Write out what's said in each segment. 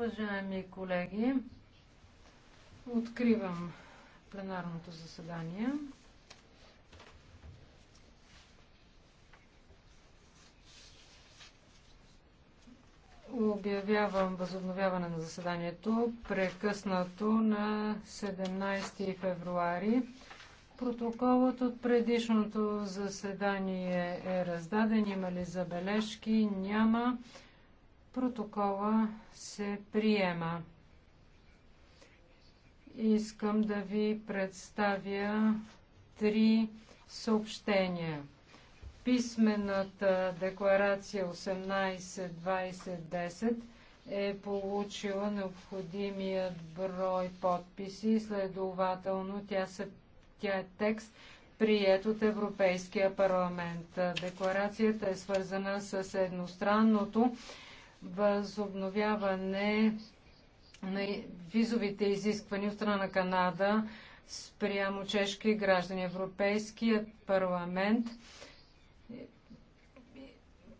Уважаеми колеги, откривам пленарното заседание. Обявявам възобновяване на заседанието, прекъснато на 17 февруари. Протоколът от предишното заседание е раздаден. Има ли забележки? Няма. Протокола се приема. Искам да ви представя три съобщения. Писмената декларация 18-20-10 е получила необходимият брой подписи, следователно тя, се, тя е текст прият от Европейския парламент. Декларацията е свързана с едностранното възобновяване на визовите изисквания от страна на Канада спрямо чешки граждани. Европейският парламент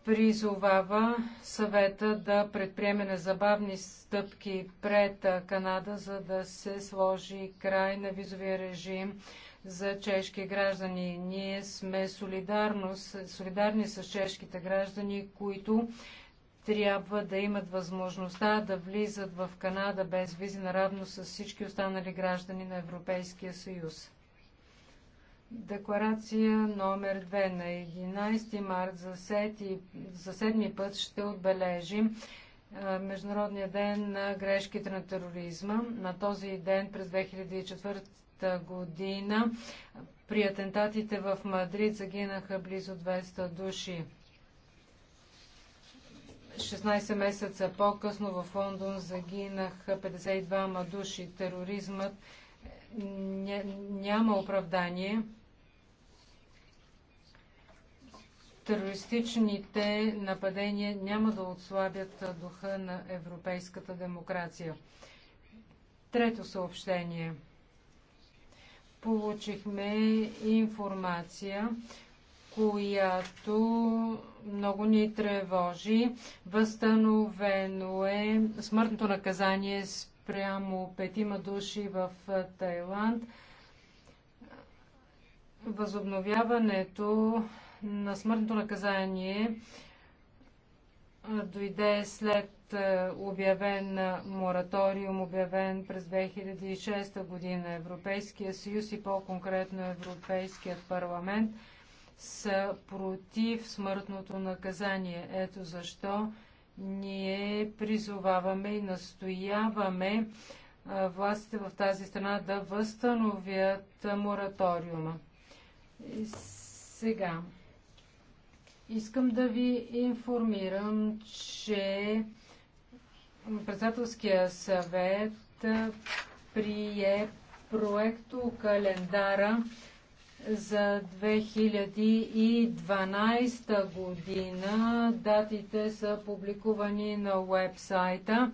призовава съвета да предприеме незабавни стъпки пред Канада, за да се сложи край на визовия режим за чешки граждани. Ние сме солидарни с чешките граждани, които трябва да имат възможността да влизат в Канада без визи, наравно с всички останали граждани на Европейския съюз. Декларация номер 2 на 11 март за, сети, за седми път ще отбележим Международния ден на грешките на тероризма. На този ден през 2004 година при атентатите в Мадрид загинаха близо 200 души. 16 месеца по-късно в Лондон загинах 52 души. Тероризмът няма оправдание. Терористичните нападения няма да отслабят духа на европейската демокрация. Трето съобщение. Получихме информация която много ни тревожи. Възстановено е смъртното наказание спрямо петима души в Тайланд. Възобновяването на смъртното наказание дойде след обявен мораториум, обявен през 2006 година Европейския съюз и по-конкретно Европейският парламент – са против смъртното наказание. Ето защо ние призоваваме и настояваме властите в тази страна да възстановят мораториума. Сега, искам да ви информирам, че Председателския съвет прие проекто календара за 2012 година. Датите са публикувани на уебсайта.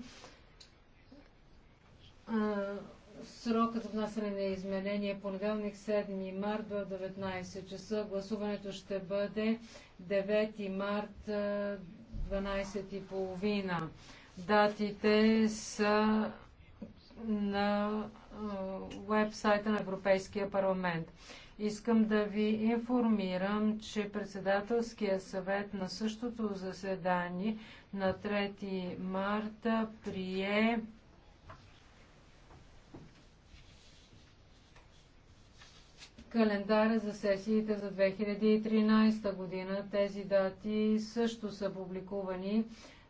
Срокът за внасяне на изменение е понеделник 7 март до 19 часа. Гласуването ще бъде 9 март 12.30. Датите са на уебсайта на Европейския парламент. Искам да ви информирам, че председателския съвет на същото заседание на 3 марта прие календара за сесиите за 2013 година. Тези дати също са публикувани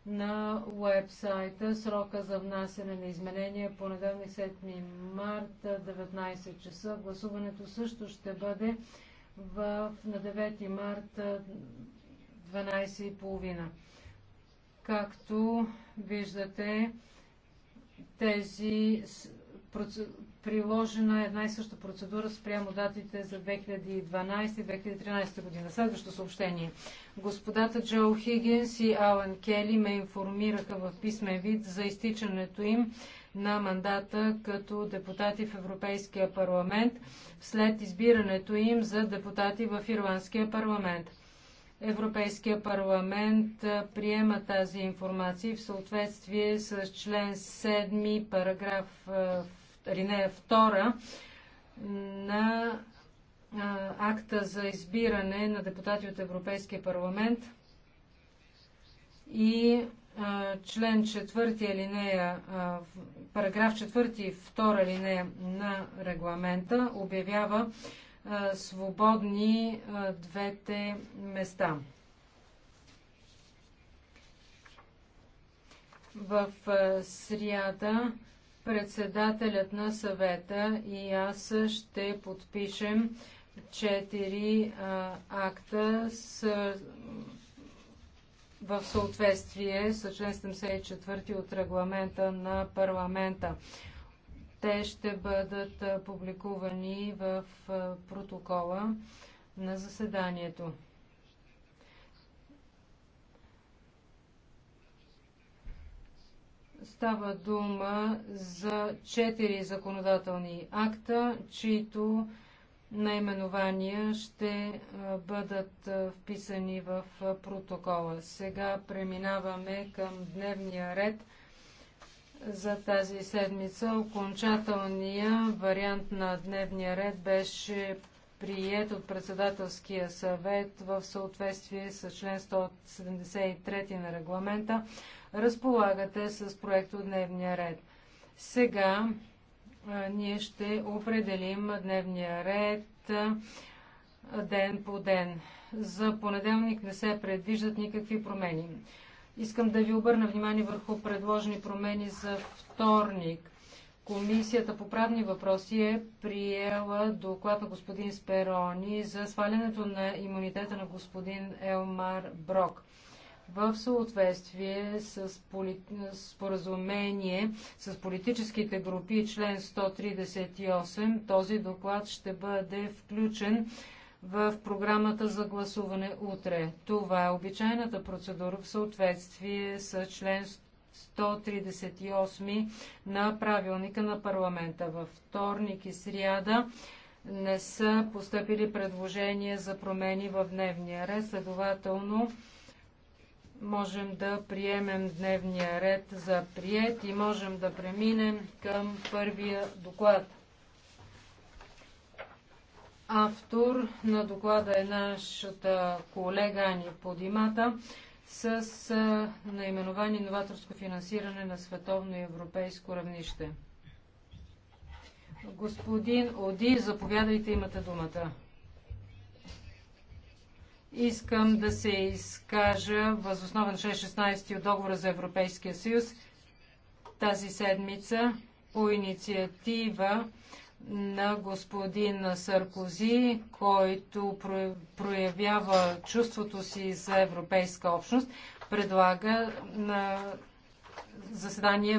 на уебсайта. Срока за внасяне на изменения е понеделник 7 марта 19 часа. Гласуването също ще бъде в, на 9 марта 12.30. Както виждате, тези приложена е една и съща процедура спрямо датите за 2012-2013 година. Следващо съобщение. Господата Джо Хигинс и Алан Кели ме информираха в писмен вид за изтичането им на мандата като депутати в Европейския парламент след избирането им за депутати в Ирландския парламент. Европейския парламент приема тази информация в съответствие с член 7, параграф алинея 2 на акта за избиране на депутати от Европейския парламент и член 4 алинея, параграф 4 и 2 алинея на регламента обявява свободни двете места. В сряда Председателят на съвета и аз ще подпишем четири акта с, в съответствие с член 74 от регламента на парламента. Те ще бъдат публикувани в протокола на заседанието. Става дума за четири законодателни акта, чието наименования ще бъдат вписани в протокола. Сега преминаваме към дневния ред за тази седмица. Окончателният вариант на дневния ред беше прият от председателския съвет в съответствие с член 173 на регламента. Разполагате с проект от дневния ред. Сега ние ще определим дневния ред ден по ден. За понеделник не се предвиждат никакви промени. Искам да ви обърна внимание върху предложени промени за вторник – Комисията по правни въпроси е приела доклад на господин Сперони за свалянето на имунитета на господин Елмар Брок. В съответствие с споразумение с политическите групи член 138, този доклад ще бъде включен в програмата за гласуване утре. Това е обичайната процедура в съответствие с член 138. 138 на правилника на парламента. Във вторник и сряда не са поступили предложения за промени в дневния ред, следователно можем да приемем дневния ред за прият и можем да преминем към първия доклад. Автор на доклада е нашата колега Ани Подимата с наименование новаторско финансиране на световно и европейско равнище. Господин Оди, заповядайте, имате думата. Искам да се изкажа възоснова на 6.16 от договора за Европейския съюз тази седмица по инициатива на господин Саркози, който проявява чувството си за Европейска общност, предлага на заседание